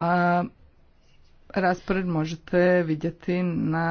A raspored možete vidjeti na